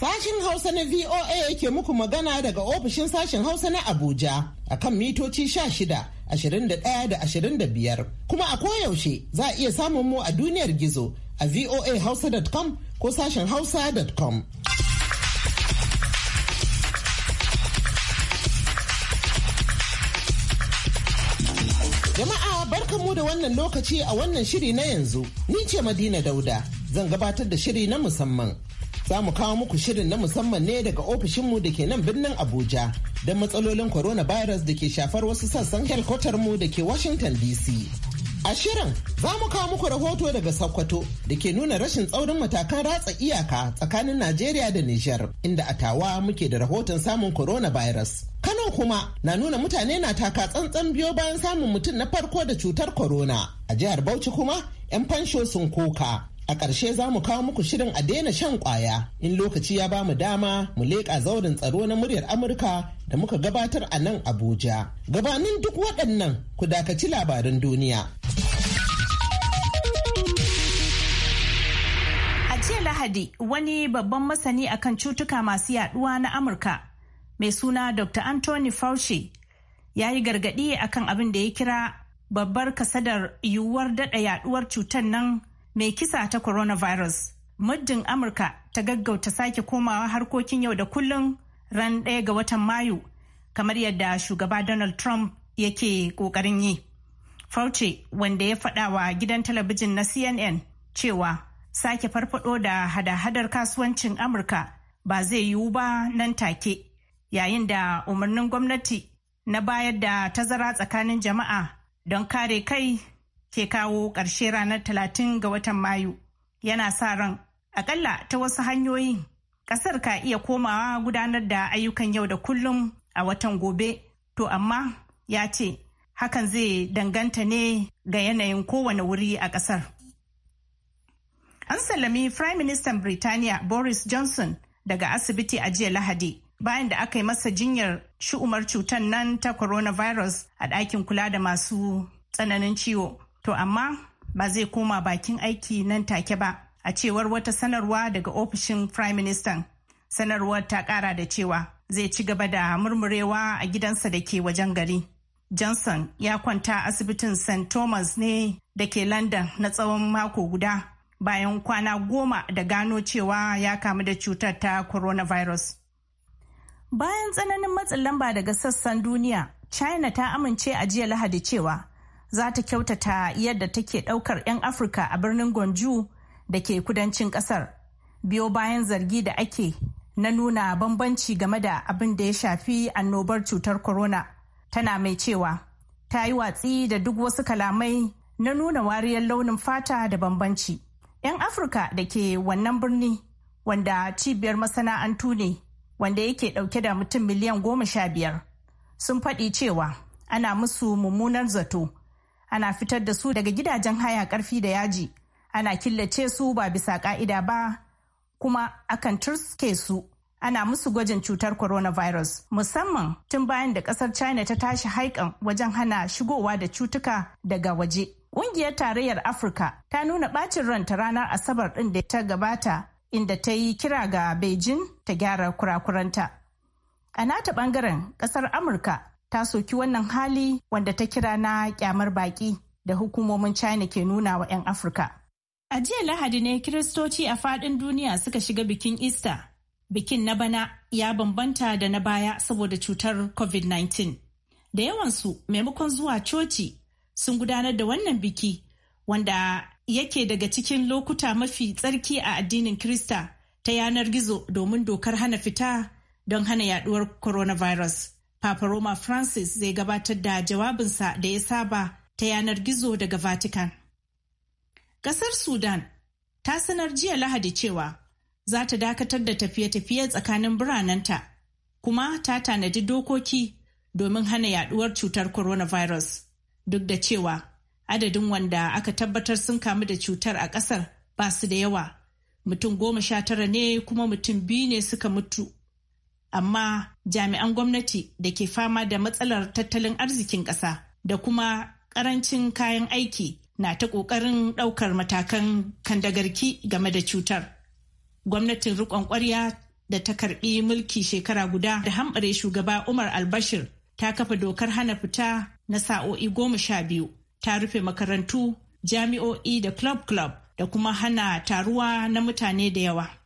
Sashin Hausa na VOA yake muku magana daga ofishin sashin Hausa na Abuja a kan mitoci 16, 21 da 25. Kuma a koyaushe za a iya samun mu a duniyar gizo a voahausa.com ko sashin hausa.com. Jama'a mu da wannan lokaci a wannan shiri na yanzu. Ni ce Madina Dauda. Zan gabatar da shiri na musamman za mu kawo muku shirin na musamman ne daga ofishinmu da ke nan birnin Abuja don matsalolin coronavirus da ke shafar wasu sassan mu da ke Washington DC. A shirin za mu kawo muku rahoto daga Sokoto da ke nuna rashin tsaurin matakan ratsa iyaka tsakanin Najeriya da Nijar inda a tawa muke da rahoton samun coronavirus. Kano kuma na nuna mutane na taka tsantsan biyo bayan samun mutum na farko da cutar corona. A jihar Bauchi kuma 'yan fansho sun koka A ƙarshe za mu kawo muku shirin a daina shan kwaya in lokaci ya ba mu dama mu leƙa zauren tsaro na muryar Amurka da muka gabatar a nan Abuja. Gabanin duk waɗannan ku dakaci labarin duniya. A jiya Lahadi wani babban masani akan cutuka masu yaduwa na Amurka mai suna Dr. Anthony Fauci ya yi gargaɗi akan abin da ya kira babbar kasadar yiwuwar daɗa yaɗuwar cutar nan mai kisa ta coronavirus. Muddin Amurka ta gaggauta sake komawa harkokin yau da kullun ran ɗaya ga watan Mayu, kamar yadda shugaba Donald Trump yake ƙoƙarin yi. Fauci wanda ya faɗa wa gidan talabijin na CNN cewa sake farfaɗo da hada-hadar kasuwancin Amurka ba zai yiwu ba nan take, yayin da umarnin gwamnati na bayar da tazara tsakanin jama'a don kare kai ke kawo ƙarshe ranar talatin ga watan Mayu. Yana sa ran akalla ta wasu hanyoyin ƙasar ka iya komawa gudanar da ayyukan yau da kullum a watan gobe. To amma ya ce hakan zai danganta ne ga yanayin kowane wuri a ƙasar. An sallami Prime Minister Birtaniya Boris Johnson daga asibiti a jiya Lahadi bayan da aka yi masa jinyar shi'umar cutar nan ta coronavirus a ɗakin kula da masu tsananin ciwo. to amma ba zai koma bakin aiki nan take ba a cewar wata sanarwa daga ofishin prime minister sanarwar ta kara da cewa zai ci gaba da murmurewa a gidansa da ke wajen gari johnson ya kwanta asibitin st thomas ne da ke london na tsawon mako guda bayan kwana goma da gano cewa ya kamu da cutar ta coronavirus bayan tsananin matsin lamba daga sassan duniya china ta amince a jiya lahadi cewa za ta kyautata yadda take ɗaukar 'yan afirka a birnin gonju da ke kudancin ƙasar biyo bayan zargi da ake na nuna bambanci game da abin da ya shafi annobar cutar corona tana mai cewa ta yi watsi da duk wasu kalamai na nuna wariyar launin fata da bambanci 'yan afirka da ke wannan birni wanda cibiyar masana'antu ne wanda yake ɗauke da mutum miliyan goma sha biyar sun faɗi cewa ana musu mummunar zato ana fitar da su daga gidajen haya karfi da yaji ana killace su ba bisa ka'ida ba kuma akan turske su ana musu gwajin cutar coronavirus musamman tun bayan da kasar china ta tashi haikan wajen hana shigowa da cutuka daga waje ƙungiyar tarayyar afirka ta nuna bacin ranta ranar asabar ɗin da ta gabata inda ta yi kira ga beijing ta gyara kurakuranta a nata bangaren kasar amurka ta soki wannan hali wanda ta kira na kyamar baki da hukumomin China ke nuna wa 'yan Afirka. A jiya Lahadi ne Kiristoci a faɗin duniya suka shiga bikin Easter. Bikin na bana ya bambanta da na baya saboda cutar COVID-19. Da yawansu maimakon zuwa coci sun gudanar da wannan biki wanda yake daga cikin lokuta mafi tsarki a addinin Kirista ta yanar gizo domin dokar hana fita don hana yaduwar coronavirus. Papa Roma Francis zai gabatar da jawabinsa da ya saba ta yanar gizo daga Vatican. Kasar Sudan ta sanar jiya Lahadi cewa za ta dakatar da tafiye-tafiye tsakanin biranenta kuma ta tanadi dokoki domin hana yaduwar cutar coronavirus duk da cewa adadin wanda aka tabbatar sun kamu da cutar a kasar ba su da yawa mutum goma sha tara ne kuma mutum biyu ne suka mutu amma jami'an gwamnati da ke fama da matsalar tattalin arzikin ƙasa da kuma ƙarancin kayan aiki na ta ƙoƙarin ɗaukar matakan kandagarki game da cutar. Gwamnatin riƙon ƙwarya da ta karɓi mulki shekara guda da hamɓare shugaba Umar Albashir ta kafa dokar hana fita na sa'o'i goma sha biyu, ta rufe makarantu, jami'o'i da club club da kuma hana taruwa na mutane da yawa.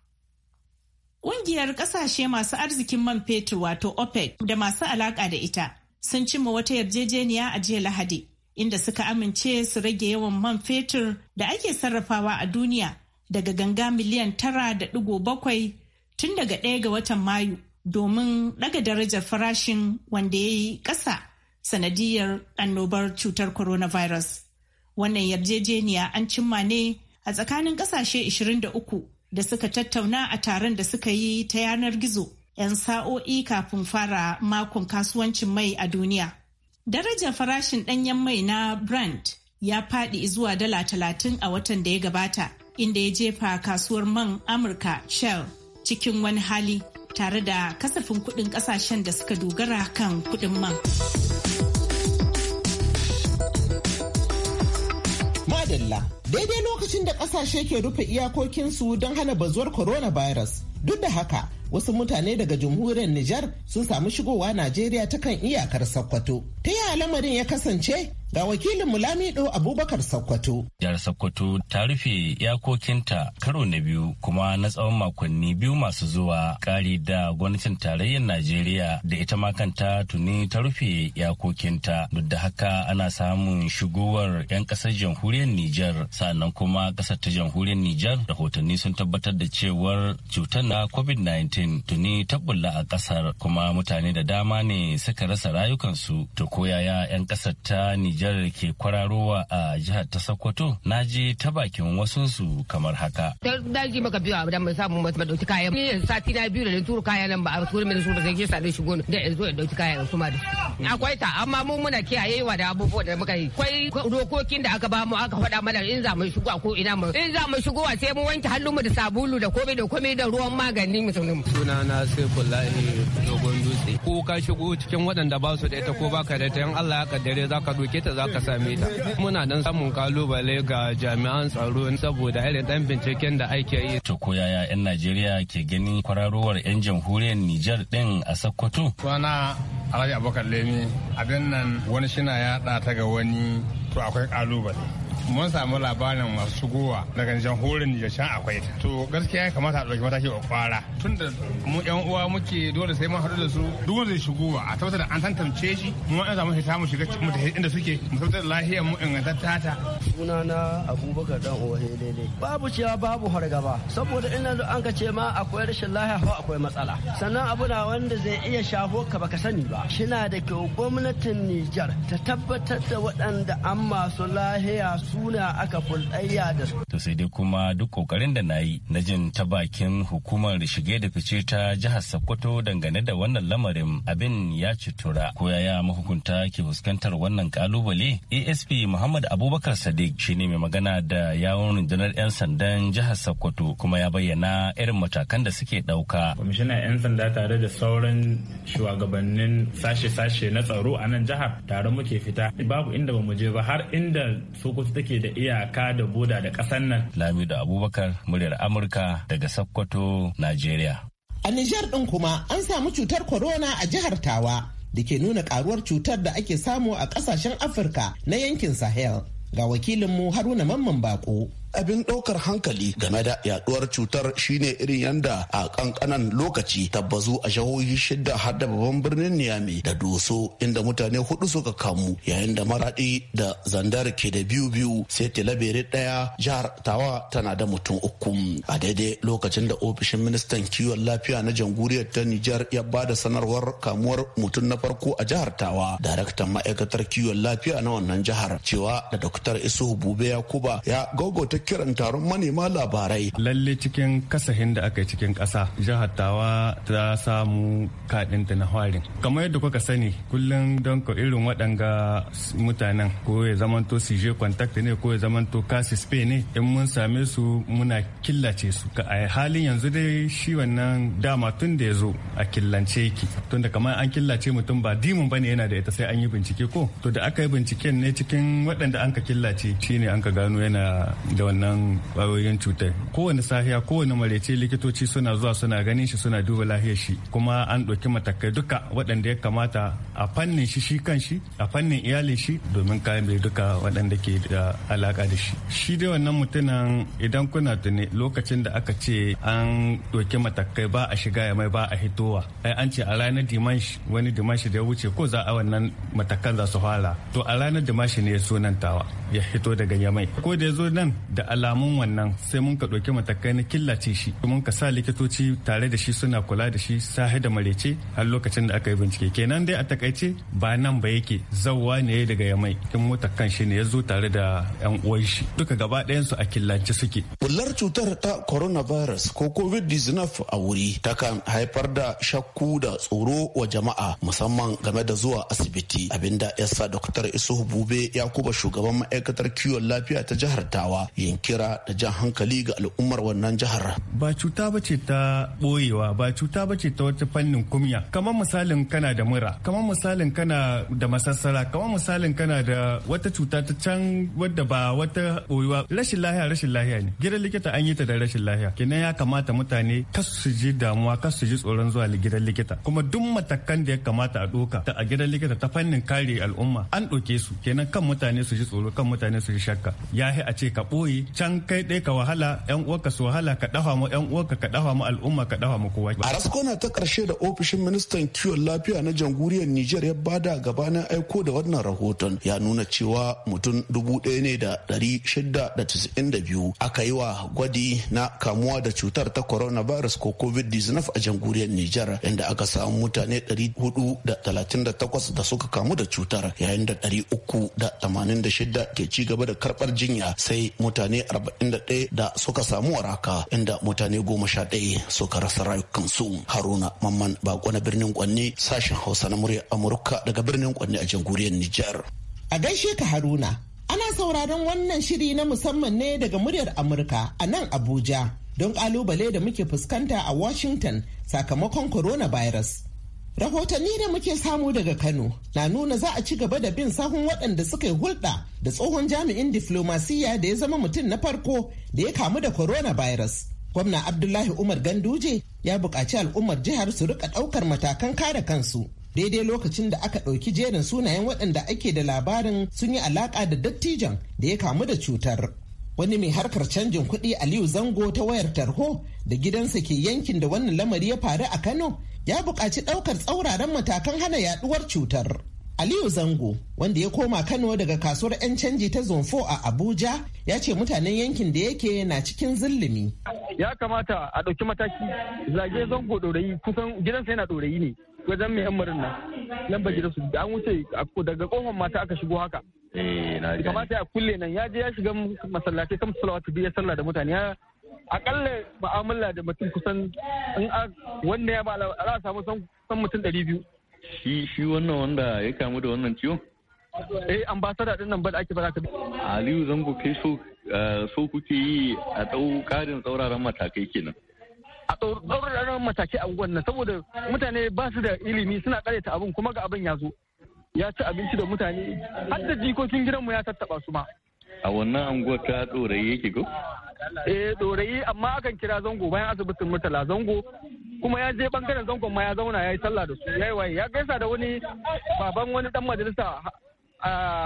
Ƙungiyar ƙasashe masu arzikin man fetur wato OPEC da masu alaƙa da ita sun cimma wata yarjejeniya a jiya Lahadi inda suka amince su rage yawan man fetur da ake sarrafawa a duniya daga ganga miliyan tara da digo bakwai tun daga ɗaya ga watan Mayu domin ɗaga darajar farashin wanda ya yi ƙasa sanadiyar annobar cutar coronavirus. Wannan yarjejeniya an cimma ne a tsakanin ƙasashe 23 da suka tattauna a taron da suka yi ta yanar gizo 'yan sa'o'i kafin fara makon kasuwancin mai a duniya. Darajar farashin ɗanyen mai na Brent ya faɗi zuwa dala talatin a watan da ya gabata, inda ya jefa kasuwar man Amurka Shell cikin wani hali tare da kasafin kuɗin ƙasashen da suka dogara kan kuɗin man. Madalla daidai lokacin da kasashe ke rufe iyakokinsu don hana bazuwar coronavirus Duk da haka, wasu mutane daga jamhuriyar Nijar sun samu shigowa Najeriya ta kan iyakar Sokoto. Ta yi lamarin ya kasance? Ga wakilin Mulamido Abubakar Sokoto. Jihar Sokoto ta rufe iyakokinta karo na biyu kuma na tsawon makonni biyu masu zuwa kari da gwamnatin tarayyar Najeriya da ita ma kanta tuni ta rufe iyakokinta. Duk da haka ana samun shigowar 'yan kasar jamhuriyar Nijar sannan kuma kasar ta jamhuriyar Nijar rahotanni sun tabbatar da cewar cutar na covid-19 tuni tabbulla a kasar kuma mutane da dama ne suka rasa rayukansu to koyaya 'yan kasar ta nijar ke kwararowa a jihar ta sokoto na je ta bakin wasunsu kamar haka daji maka biyu abu dan samu ba dauki kaya ni yanzu sati na biyu da na turu kaya nan ba a turu mini su da zai sa dai shigo da yanzu ya dauki kaya kuma da akwai ta amma mun muna kiyayewa da abubuwan da muka yi kwai dokokin da aka ba mu aka faɗa mana in za mu shigo ko ina mu in za mu shigo sai mu wanke hannunmu da sabulu da komai da komai da ruwan magani mutumin. Suna na sai kullahi dogon dutse. Ko ka shigo cikin waɗanda ba su da ita ko baka da ita yan Allah ya kaddare za ka doke ta za ka same ta. Muna dan samun kalubale ga jami'an tsaro saboda irin dan binciken da ake yi. To ko yaya 'yan Najeriya ke ganin kwararowar 'yan jamhuriyar Nijar din a Sokoto? Suna Alhaji Abubakar Lemi abin nan wani shina yaɗa ta ga wani to akwai kalubale. mun samu labarin masu shigowa daga jamhuriyar Nijar can akwai ta. To gaskiya ya kamata a ɗauki mataki a kwara. Tun da mu ƴan uwa muke dole sai mun haɗu da su duk wanda zai shigowa a tabbatar da an tantance shi mu an samu shi mu shiga mu tafi inda suke mu tabbatar da lafiyar mu ingantatta ta. na Abubakar dan Ohe daidai. Babu cewa babu hargaba saboda ina da an ka ce ma akwai rashin lafiya ko akwai matsala. Sannan abu na wanda zai iya shafo ka baka sani ba. Shina da kyau gwamnatin Nijar ta tabbatar da waɗanda an masu lahiya suna aka fulɗayya da su. To sai dai kuma duk kokarin da na yi na jin ta bakin hukumar shige da fice ta jihar Sokoto dangane da wannan lamarin abin ya ci tura ko yaya mahukunta ke fuskantar wannan kalubale ASP Muhammad Abubakar Sadiq shine mai magana da yawon rundunar 'yan sandan jihar Sokoto kuma ya bayyana irin matakan da suke ɗauka. Kwamishinan 'yan sanda tare da sauran shugabannin sashe-sashe na tsaro a nan jihar tare muke fita babu inda ba mu je ba har inda Sokoto suke da iyaka da boda da ƙasar nan. Lamido Abubakar muryar Amurka daga Sokoto, Najeriya. A Nijar ɗin kuma an samu cutar corona a jihar Tawa da ke nuna karuwar cutar da ake samu a ƙasashen Afirka na yankin Sahel. Ga wakilinmu Haruna Mamman Bako. abin ɗaukar hankali game da yaduwar cutar shine irin yanda a kankanan lokaci tabbazu a jihohi shida har da babban birnin niyami da doso inda mutane hudu suka kamu yayin da maradi da zandar ke da biyu biyu sai talabere daya jihar tawa tana da mutum uku a daidai lokacin da ofishin ministan kiwon lafiya na jamhuriyar ta nijar ya ba da sanarwar kamuwar mutum na farko a jihar tawa daraktan ma'aikatar kiwon lafiya na wannan jihar cewa da dr isuhu bube yakuba ya gaugauta kiran taron manema labarai. Lalle cikin kasahin da aka yi cikin kasa jihar Tawa ta samu kaɗinta na harin. Kamar yadda kuka sani, kullum don ka irin waɗanga mutanen ko ya zamanto je contact ne ko ya zamanto kasi spain ne in mun same su muna killace su ka a halin yanzu dai shi wannan dama tun da ya zo a killance yake tun da kamar an killace mutum ba dimin bane yana da ita sai an yi bincike ko to da aka yi binciken ne cikin waɗanda an ka killace ne an ka gano yana da wannan kwayoyin cutar kowane safiya kowane maraice likitoci suna zuwa suna ganin shi suna duba lahiyar shi kuma an ɗauki matakai duka waɗanda ya kamata a fannin shi shi kan shi a fannin iyalin shi domin kayan bai duka waɗanda ke da alaƙa da shi shi dai wannan mutumin idan kuna tuni lokacin da aka ce an ɗauki matakai ba a shiga ya mai ba a hitowa ai an ce a ranar dimanshi wani dimanshi da ya wuce ko za a wannan matakan za su fara to a ranar dimanshi ne ya sunantawa ya hito daga yamai ko da ya zo nan da da alamun wannan sai mun ka ɗauki matakai na killace shi mun ka sa likitoci tare da shi suna kula da shi sahi da marece har lokacin da aka yi bincike kenan dai a takaice ba nan ba yake zawwa ne ya daga yamai kin mota kan shi ne ya zo tare da yan uwan shi duka gaba ɗayan su a killace suke bullar cutar ta coronavirus ko covid-19 a wuri takan haifar da shakku da tsoro wa jama'a musamman game da zuwa asibiti abinda yasa dr isuhu bube ya kuba shugaban ma'aikatar kiwon lafiya ta jihar tawa ya yin kira da jan hankali ga al'ummar wannan jihar. Ba cuta ba ce ta boyewa ba cuta ba ce ta wata fannin kumya kamar misalin kana da mura kamar misalin kana da masassara kamar misalin kana da wata cuta ta can wadda ba wata boyewa rashin lahiya rashin lahiya ne gidan likita an yi ta da rashin lahiya kenan ya kamata mutane kas su ji damuwa kas su ji tsoron zuwa gidan likita kuma duk matakan da ya kamata a ɗoka a gidan likita ta fannin kare al'umma an ɗauke su kenan kan mutane su ji tsoro kan mutane su ji shakka ya a ce ka ɓoye can kai ɗaya ka wahala yan uwarka su wahala ka dafa mu yan uwarka ka dafa mu al'umma ka dafa mu kowa a raskona ta karshe da ofishin ministan kiwon lafiya na jamhuriyar Nijar ya bada gabanin aiko da wannan rahoton ya nuna cewa mutum dubu ɗaya ne da ɗari shida da tisa'in da biyu aka yi wa gwadi na kamuwa da cutar ta coronavirus ko covid-19 a jamhuriyar Nijar inda aka samu mutane hudu da talatin da da takwas suka kamu da cutar yayin da uku da da tamanin ɗari shida ke ci gaba da karɓar jinya sai mutane mutane 41 da suka samu waraka inda mutane 11 suka rasa rayukansu haruna mamman bako na birnin kwanne sashen hausa na murya amurka daga birnin kwanne a jamhuriyar nijar a gaishe ka haruna ana sauraron wannan shiri na musamman ne daga muryar amurka a nan abuja don kalubale da muke fuskanta a washington sakamakon coronavirus Rahotanni da muke samu daga Kano na nuna za a ci gaba da bin sahun waɗanda suka yi hulɗa da tsohon jami'in diflomasiyya da ya zama mutum na farko da ya kamu da coronavirus. Gwamna Abdullahi Umar Ganduje ya buƙaci al'ummar jihar su rika ɗaukar matakan kare kansu. Daidai lokacin da aka ɗauki jerin sunayen waɗanda ake da labarin sun yi alaƙa da dattijan da ya kamu da cutar. wani mai harkar canjin kuɗi aliyu zango ta wayar tarho da gidansa ke yankin da wannan lamari ya faru a kano ya buƙaci ɗaukar tsauraran matakan hana yaɗuwar cutar aliyu zango wanda ya koma kano daga kasuwar 'yan canji ta zonfo a abuja ya ce mutanen yankin da yake na cikin zillimi ya kamata a ɗauki mataki zage zango ɗorayi kusan gidansa yana ɗorayi ne wajen mai yan marin nan lamba gidansu da an wuce daga kofar mata aka shigo haka Kamata eh, ya kulle nan ya je ya shiga masallatai kan salawatu biya sallah da mutane ya akalla mu'amala da mutum kusan in wanda ya ba za samu san mutum ɗari biyu. Shi shi wannan wanda ya kamu da wannan ciwon? Eh ambasada din nan ba da ake ba za bi. Aliyu Zango kai so eh, so kuke yi a tsawo ƙarin tsauraran matakai kenan. a tsauraran matakai a wannan saboda mutane ba su da ilimi suna kare ta abin kuma ga abin ya zo ya ci abinci da mutane har da jikokin gidanmu ya tattaba su ma a wannan anguwar ta ɗorayi yake ko eh ɗorayi amma akan kira zango bayan asibitin murtala zango kuma ya je bangaren zangon ma ya zauna ya yi sallah da su ya yi waye ya gaisa da wani baban wani dan majalisa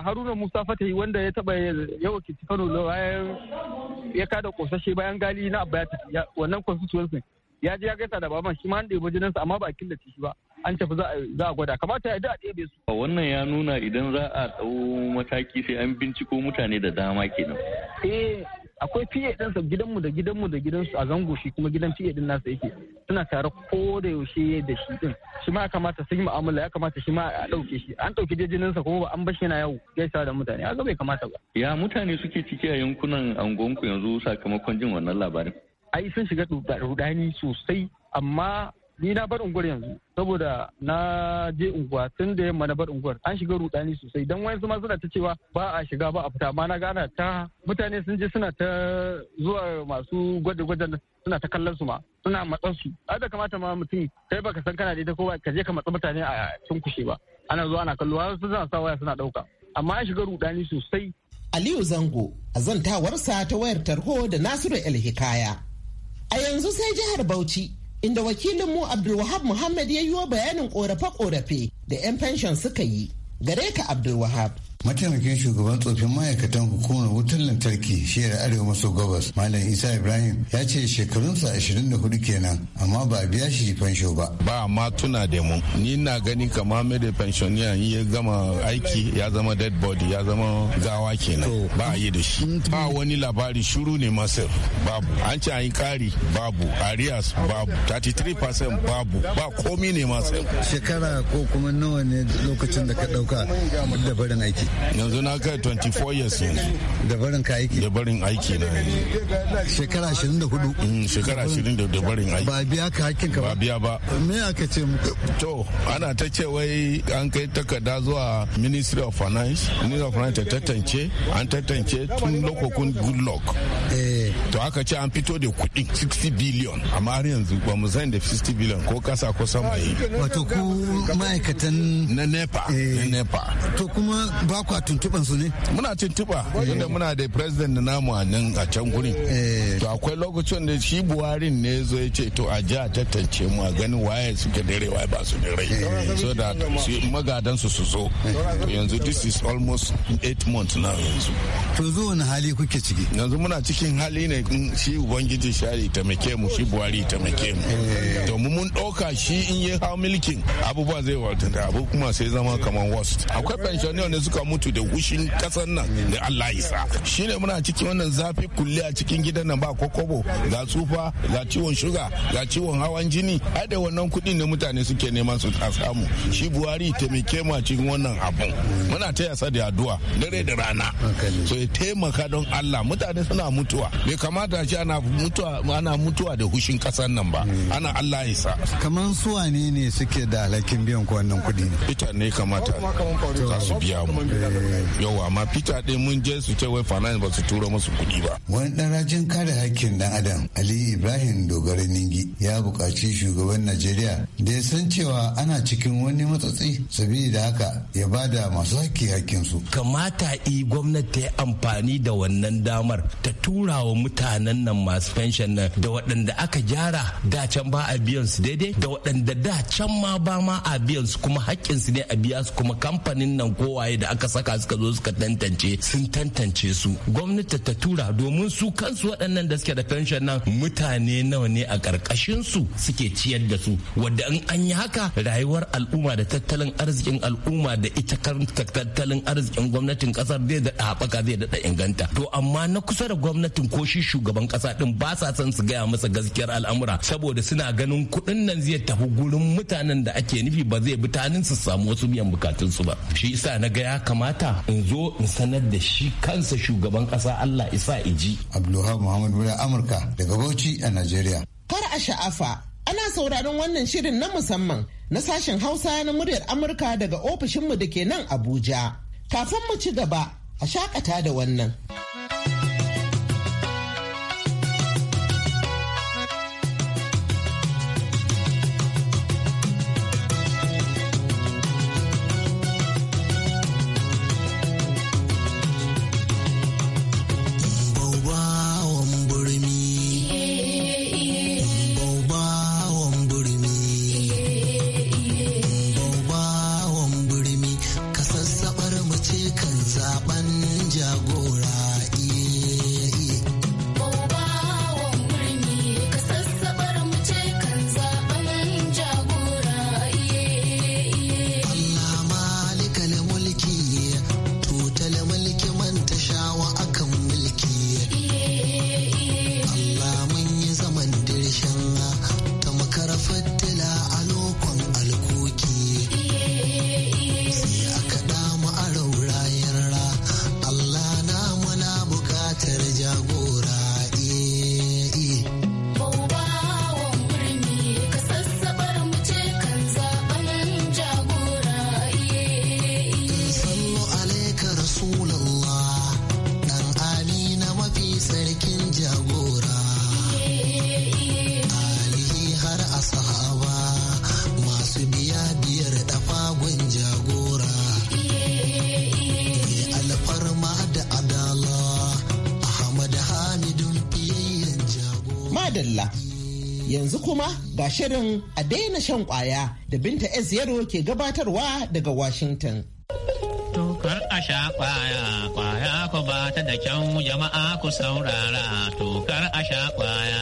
haruna musa fatahi wanda ya taba ya wakilci kano bayan ya kada kosashe bayan gali na abba ya tafi wannan constituency ya je ya gaisa da baban shi ma an ɗebi jininsa amma ba a killace shi ba an tafi za a gwada kamata ya ji a ɗebe su. wannan ya nuna idan za a ɗau mataki sai an binciko mutane da dama kenan. eh akwai fiye sa gidanmu da gidanmu da gidansu a zango shi kuma gidan fiye ɗin nasa yake suna tare ko da yaushe da shi ɗin shi ma ya kamata sun yi mu'amala ya kamata shi ma a ɗauke shi an ɗauki jininsa kuma ba an bashi yana yau gaisa da mutane a bai kamata ba. ya mutane suke ciki a yankunan angonku yanzu sakamakon jin wannan labarin. ai sun shiga rudani sosai amma ni na bar unguwar yanzu saboda na je unguwa tun da yamma na bar unguwar an shiga rudani sosai don wayansu ma suna ta cewa ba a shiga ba a fita ma na gana ta mutane sun je suna ta zuwa masu gwaje-gwajen suna ta kallon su ma suna matsan su har da kamata ma mutum kai baka san kana da ko ba ka je ka matsa mutane a cunkushe kushe ba ana zuwa ana kallo har suna sa waya suna dauka amma an shiga rudani sosai Aliyu Zango a zantawarsa ta wayar tarho da Nasiru El Hikaya. A yanzu sai jihar Bauchi inda wakilinmu Abdulwahab Muhammad ya yi wa bayanin korafe-korafe da 'yan fenshon suka yi. Gare ka Abdulwahab. mataimakin shugaban tsofin ma'aikatan hukumar wutar lantarki shiyar arewa maso gabas malam isa ibrahim ya ce shekarunsa 24 kenan amma ba a biya shi fansho ba ba ma tuna da mu ni na gani kama mai da pensioniya ya gama aiki ya zama dead body ya zama gawa kenan ba a yi da shi ba wani labari shuru ne masir babu an ce an yi kari babu arias babu 33% babu ba komi ne masir shekara ko kuma nawa ne lokacin da ka dauka da barin aiki yanzu na kai 24 years yanzu da barin ka aiki da barin aiki na shekara 24 mm, shekara 24 da barin aiki ba biya ka hakkin ka ba biya ba me aka ce muku to ana ta ce wai an kai takarda zuwa ministry of finance ministry of finance ta tantance an tantance tun lokokun good luck eh. to aka ce an fito da kuɗi 60 billion amma har yanzu ba mu san da 60 billion ko kasa ko sama yi wato ku ma'aikatan na nepa na eh. nepa to kuma ba kwa tuntuɓan su ne muna tuntuɓa inda eh. muna da president na namu a nan a can gurin eh. to akwai lokacin da shi Buhari ne zo ya ce to a ji a tantance mu a ganin waye suke dare waye ba su dare so da magadan su su zo yanzu this is almost eight months now yanzu to zo wani hali kuke ciki yanzu muna cikin hali ne dole shi ubangiji shari taimake mu shi buhari taimake eh. mu mun ɗauka shi in yi hau milkin abubuwa zai wata da abu kuma sai zama kamar worst akwai pensioner ne suka mutu da wushin kasan nan da allah isa shi ne muna cikin wannan zafi kulle a cikin gidan nan ba kokobo ga tsufa ga ciwon shuga ga ciwon hawan jini ai da wannan kuɗin da mutane suke neman su a samu shi buhari taimake mu a cikin wannan abun muna taya sa da addu'a dare da rana so ya taimaka don allah mutane suna mutuwa kamata shi ana mutuwa ana mutuwa da hushin kasar nan ba hmm. ana Allah sa kaman su wane ne suke da alhakin biyan ku wannan kuɗi ne Peter ne kamata za su biya mu yawa amma Peter ɗin mun je su ce wai finance ba su tura musu kuɗi ba wani dan rajin kare hakkin dan adam Ali Ibrahim Dogara Ningi ya buƙaci shugaban Najeriya da ya san cewa ana cikin wani matsatsi saboda haka ya bada masu hakki hakkin su kamata i gwamnati yi amfani da wannan damar ta tura wa mutane mutanen nan masu fenshen nan da waɗanda aka gyara da can ba a biyan su daidai da waɗanda da can ma ba ma a biyan su kuma haƙƙin su ne a biya su kuma kamfanin nan kowaye da aka saka suka zo suka tantance sun tantance su gwamnati ta tura domin su kansu waɗannan da suke da fenshen nan mutane nawa ne a ƙarƙashin su suke ciyar da su wadda in an yi haka rayuwar al'umma da tattalin arzikin al'umma da ita karanta tattalin arzikin gwamnatin kasar zai da haɓaka zai da inganta to amma na kusa da gwamnatin ko shi shugaban kasa din ba sa son su gaya masa gaskiyar al'amura saboda suna ganin kuɗin nan zai tafi gurin mutanen da ake nufi ba zai bi tanin su samu wasu biyan bukatun su ba shi isa na ga ya kamata in zo in sanar da shi kansa shugaban kasa Allah isa iji Abdulwahab Muhammad Bola Amurka daga Bauchi a nigeria. har a sha'afa ana sauraron wannan shirin na musamman na sashen Hausa na muryar Amurka daga ofishinmu da ke nan Abuja kafin mu ci gaba a shakata da wannan. jagora ali har sahaba masu biya biyar dafagun jagora mai alfarma da adala ahmad hamidun fiyayyen jagora madalla yanzu kuma ga shirin a daina shan kwaya da binta ezero ke gabatarwa daga washington a sha kwaya, kwaya ku ba ta da kyau jama'a ku saurara tokar a sha kwaya.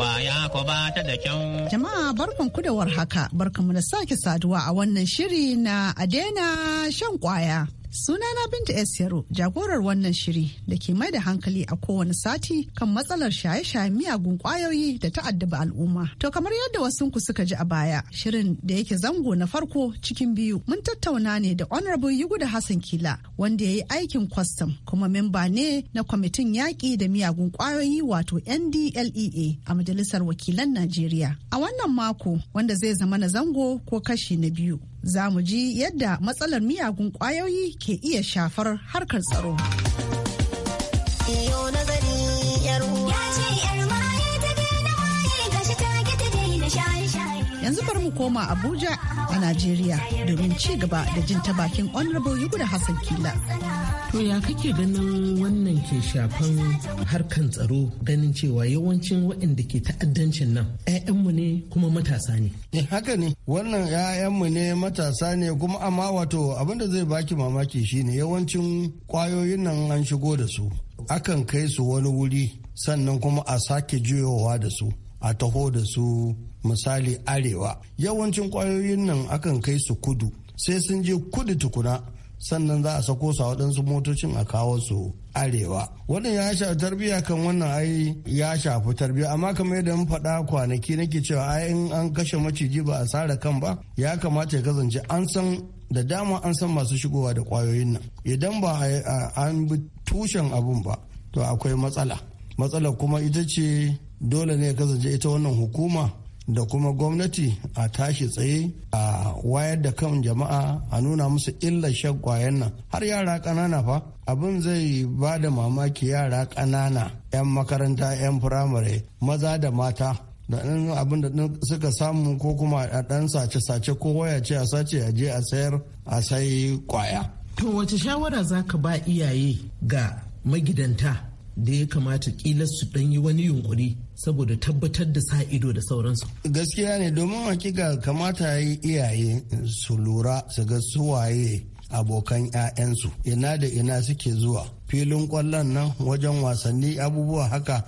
Kwaya ku ba ta da kyau. Jama'a barkan ku da warhaka, barkan mu da sake saduwa a wannan shiri na Adena shan kwaya. Suna na Binta S. Yaro jagorar wannan shiri da ke mai da hankali a kowane sati kan matsalar shaye shaye miyagun kwayoyi da ta'addaba al'umma. To kamar yadda wasunku suka ji a baya, shirin da yake zango na farko cikin biyu mun tattauna ne da Honorable da Hassan Kila wanda ya yi aikin kwastam kuma memba ne na kwamitin yaƙi da miyagun kwayoyi wato NDLEA a Majalisar Wakilan Najeriya. A wannan mako wanda zai zama na zango ko kashi na biyu. za mu ji yadda matsalar miyagun kwayoyi ke iya shafar harkar tsaro. yanzu bari mu koma abuja a najeriya domin ci gaba da jin ta bakin honorable da hassan kila To ya kake ganin wannan ke shafan harkan tsaro ganin cewa yawancin waɗanda ke ta'addancin nan 'ya'yanmu ne kuma matasa ne. Eh, haka ne wannan 'ya'yanmu ne matasa ne kuma amma wato abinda zai baki mamaki shine yawancin kwayoyin nan an shigo da su akan kai su wani wuri sannan kuma a sake juyowa da su a taho da su misali arewa yawancin kwayoyin nan akan kai su kudu sai sun je kudu tukuna sannan za a sako su a waɗansu motocin a kawo su arewa wannan ya shafi tarbiyya kan wannan ai ya shafi tarbiya amma kamar yadda mun faɗa kwanaki nake cewa ai in an kashe maciji ba a sare kan ba ya kamata ya kasance an san da dama an san masu shigowa da kwayoyin nan idan ba an bi tushen abun ba to akwai matsala matsala kuma ita ce dole ne ya kasance ita wannan hukuma da kuma gwamnati a tashi tsaye a wayar da kan jama'a a nuna musu illar shan kwayan nan har yara ƙanana fa abin zai ba da mamaki yara ƙanana 'yan makaranta 'yan firamare maza da mata da ɗan abin da suka samu ko kuma a ɗan sace-sace ko waya ce a sace a je a sayar a sai kwaya. To wace shawara za ka ba iyaye ga magidanta da ya kamata kila su dan yi wani yunkuri saboda tabbatar da sa ido da sauransu. Gaskiya ne domin hakika kamata ya yi iyaye su lura su ga suwaye abokan 'ya'yansu ina da ina suke zuwa filin kwallon nan wajen wasanni abubuwa haka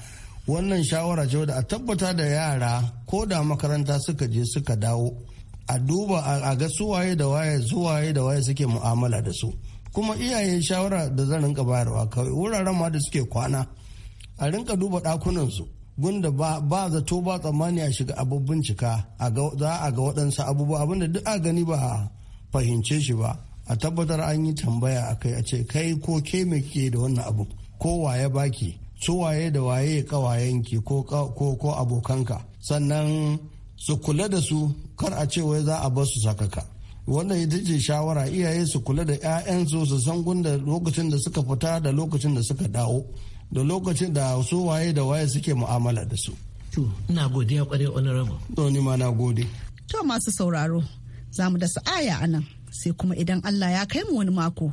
wannan shawara ce da a tabbata da yara ko da makaranta suka je suka dawo a duba a ga waye da waye suwaye da waye suke mu'amala da su. kuma iyaye shawara da zan rinka bayarwa kawai wuraren ma da suke kwana a rinka duba ɗakunansu gunda ba, zato ba tsammani a shiga abin bincika za a ga waɗansu abubuwa abinda duk a gani ba a fahimce shi ba a tabbatar an yi tambaya a kai a ce kai ko ke me kike da wannan abu ko waye baki su waye da waye kawayenki ko ko abokanka sannan su kula da su kar a ce wai za a bar su sakaka wannan ita ce shawara iyaye su kula da 'ya'yansu su san gunda lokacin da suka fita da lokacin da suka dawo da lokacin da su waye da waye suke mu'amala da su. To, ina godiya kwarai honorable. To, ni ma na gode. To masu sauraro, za mu da sa'aya a nan sai kuma idan Allah ya kai mu wani mako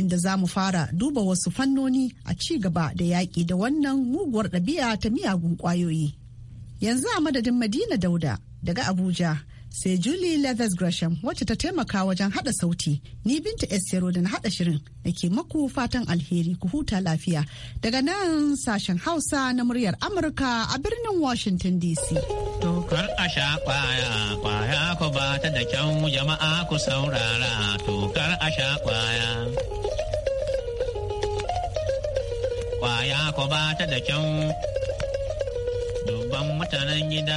inda za mu fara duba wasu fannoni a ci gaba da yaƙi da wannan muguwar ɗabi'a ta miyagun ƙwayoyi. Yanzu a madadin Madina Dauda daga Abuja. sai Julie Leathers Gresham wacce ta taimaka wajen hada sauti. Ni Binta Estero da na hada shirin da ke maku fatan alheri ku huta lafiya daga nan sashen Hausa na muryar Amurka a birnin Washington DC. Tokar a kwaya, kwaya ku ba ta da kyau jama'a ku saurara, tokar a kwaya. Kwaya ku ba ta da kyau dubban mutanen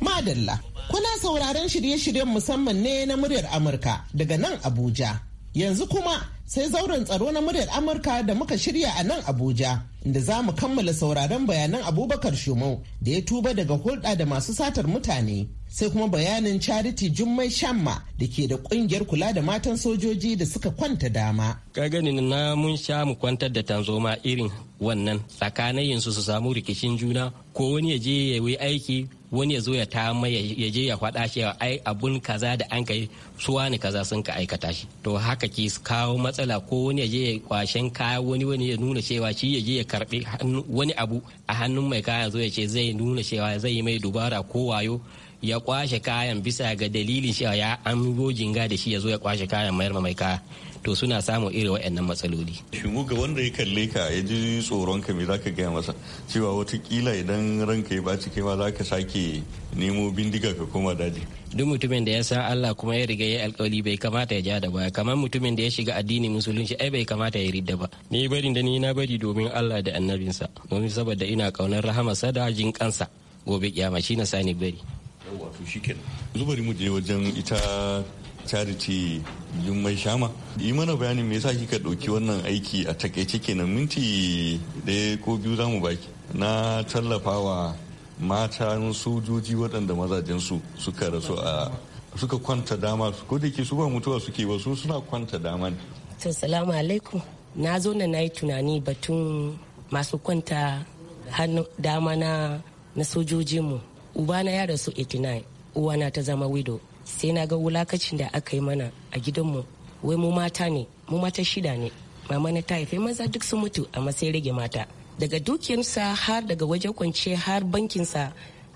Madalla, kuna sauraron shirye-shiryen musamman ne na muryar Amurka daga nan Abuja. Yanzu kuma sai zauren tsaro na muryar Amurka da muka shirya a nan Abuja, inda za mu kammala sauraron bayanan Abubakar Shumau da ya tuba daga hulɗa da masu satar mutane. sai kuma bayanin charity jummai shamma da ke da kungiyar kula da matan sojoji da suka kwanta dama ka gani na mun sha mu kwantar da tanzoma irin wannan tsakanin su su samu rikicin juna ko wani ya je ya yi aiki wani ya zo ya ta mai ya je ya faɗa shi ai abun kaza da an kai suwa ne kaza sun ka aikata shi to haka ke kawo matsala ko wani ya je ya kwashen kaya wani wani ya nuna cewa shi ya je ya karbi wani abu a hannun mai kaya zo ya ce zai nuna cewa zai yi mai dubara ko wayo ya kwashe kayan bisa ga dalilin shi ya an jinga da shi ya zo ya kwashe kayan mayar mai kaya to suna samun irin waɗannan matsaloli. Shin ga wanda ya kalle ka ya ji tsoron ka me zaka gaya masa cewa watakila idan ranka ya baci kai ma zaka sake nemo bindiga ka koma daji. Duk mutumin da ya san Allah kuma ya riga ya alkawali bai kamata ya ja da baya kamar mutumin da ya shiga addinin musulunci ai bai kamata ya ridda ba. Ni barin da ni na bari domin Allah da annabinsa domin saboda ina kaunar rahama sada jin kansa gobe kiyama shi na sani bari. yawa to shikenan zubari mu je wajen ita charity jummai shama yi mana bayanin me yasa kika ɗauki wannan aiki a takaice kenan minti ɗaya ko biyu za mu baki na tallafawa matan sojoji waɗanda mazajensu suka rasu a suka kwanta dama ko da ke su ba mutuwa suke ba su suna kwanta dama ne to salamu alaikum na zo na yi tunani batun masu kwanta hannu dama na na sojojinmu ubana ya rasu 89 na ta zama wido sai na ga wulakacin da aka yi mana a gidanmu wai mu mata ne mu mata shida ne mama na ta haife maza duk sun mutu amma sai rage mata daga dukiyarsa har daga wajen kwance har bankinsa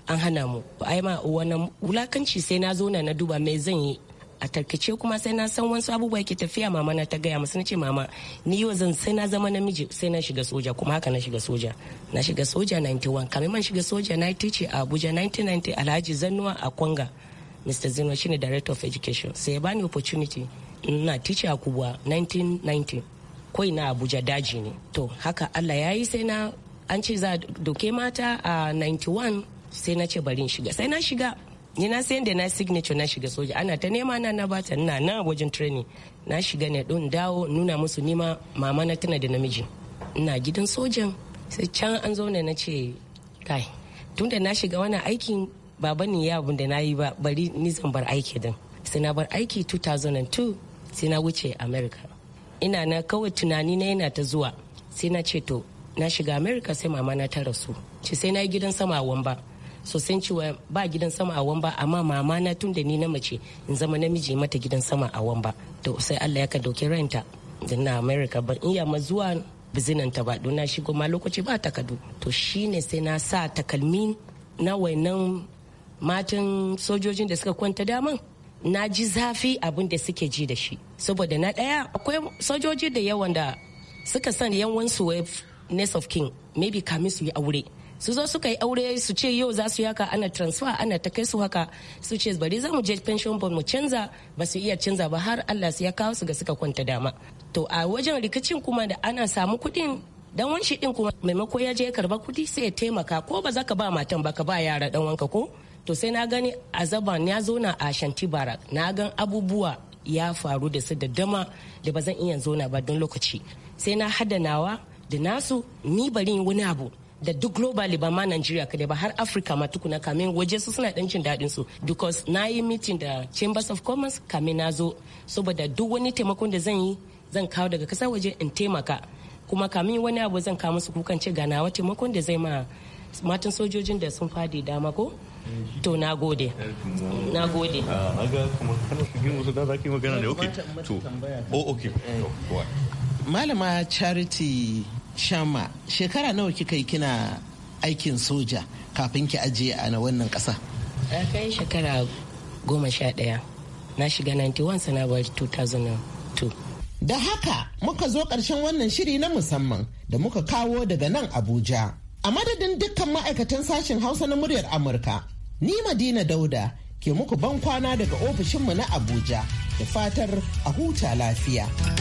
an hana mu ba ai ma wani wulakanci sai na zo na duba me zan yi a tarkace kuma sai na san wasu abubuwa ke tafiya mama na ta gaya musu na ce mama ni yau zan sai na zama namiji sai na shiga soja kuma haka na shiga soja na shiga soja 91 kamar man shiga soja na ce a abuja 1990 alhaji zannuwa a kwanga mr zino shine director of education sai ya bani opportunity na tice a kubwa 1990 koi na abuja daji ne to haka allah ya yi sai na an ce za doke mata a 91 sai na ce bari in shiga sai na shiga ni na sayan da na signature na shiga soja ana ta nema na na bata na na wajen training na shiga ne don dawo nuna musu nima mama na tana da namiji ina gidan sojan sai can an zauna na ce kai tun da na shiga wani aikin baba ni ya abun da na yi ba bari ni zan bar aiki din sai na bar aiki 2002 sai na wuce america ina na kawai tunani na yana ta zuwa sai na ce to na shiga america sai mama na ta rasu ce sai na yi gidan sama wamba so san cewa ba gidan sama a wamba amma mama na tun da ni na mace in zama namiji mata gidan sama a wamba to sai Allah ya ka dauki ranta da na America ba in ma zuwa ta ba don na shigo ma lokaci ba takadu to shine sai na sa takalmi na wainan matan sojojin da suka kwanta daman na ji zafi abin da suke ji da shi saboda na daya akwai sojoji da yawan da suka san yanwansu wave nest of king maybe kamin su aure su zo suka yi aure su ce yau za su yi ana transfer ana ta kai su haka su ce bari za mu je pension bond mu canza ba su iya canza ba har Allah su ya kawo su ga suka kwanta dama to a wajen rikicin kuma da ana samu kuɗin dan wanshi din kuma maimako ya je ya karba kuɗi sai ya taimaka ko ba za ka ba matan ba ka ba yara dan wanka ko to sai na gani azaba ya zo na a shanti barak na gan abubuwa ya faru da su da dama da ba zan iya zona ba don lokaci sai na hada nawa da nasu ni bari wani abu da duk globally ba ma Nigeria kadai ba har Africa ma tukuna kamin waje su suna dan jin daɗin su because na yi meeting da Chambers of Commerce kamin na zo saboda duk wani taimakon da zan yi zan kawo daga kasa waje in taimaka kuma kamin wani abu zan kawo musu kukan ce ganawa taimakon da zai ma matan sojojin da sun fadi dama ko to na gode na gode malama charity Shamma shekara nawa kika yi kina aikin soja kafin ki ajiye a na wannan ƙasa? Na kai shekara goma sha ɗaya. Na shiga 91 sana 2002. Da haka muka zo ƙarshen wannan shiri na musamman da muka kawo daga nan Abuja. A madadin dukkan ma'aikatan sashen Hausa na muryar Amurka, ni Madina Dauda ke muku ban kwana daga ofishinmu na Abuja da fatar a huta lafiya.